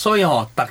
所以哦，大家。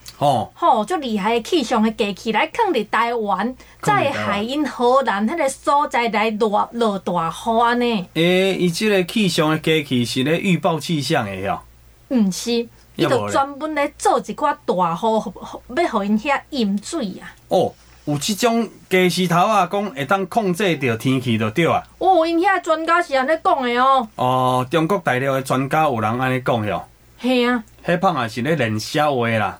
吼吼，足厲、哦喔、害氣象嘅機器來控制台灣，在會海因河南迄個所、欸、在來落落大雨呢。誒，伊即個氣象嘅機器是咧預報氣象誒，吼，唔是，伊就專門來做一掛大雨，有有人要互因遐飲水啊。哦，有即種機器頭啊，講會當控制着天氣就對啊。哦，因遐專家是安尼講誒哦。哦，中國大陸嘅專家有人安尼講喲。係啊。迄胖也是咧練肖話啦。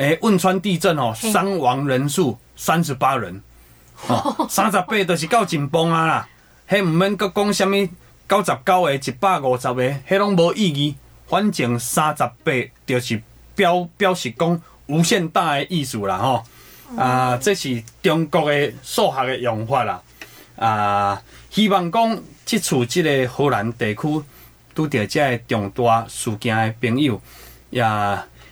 誒、汶、欸、川地震哦、喔，傷亡人數三十八人，哦、嗯，三十八就是夠緊繃啊啦！迄唔免閣講蝦米九十九個、一百五十個，迄攏無意義。反正三十八就是表表示講無限大嘅意思啦吼、喔！啊，這是中國嘅數學嘅用法啦！啊，希望講接觸即個河南地區拄到即個重大事件嘅朋友也。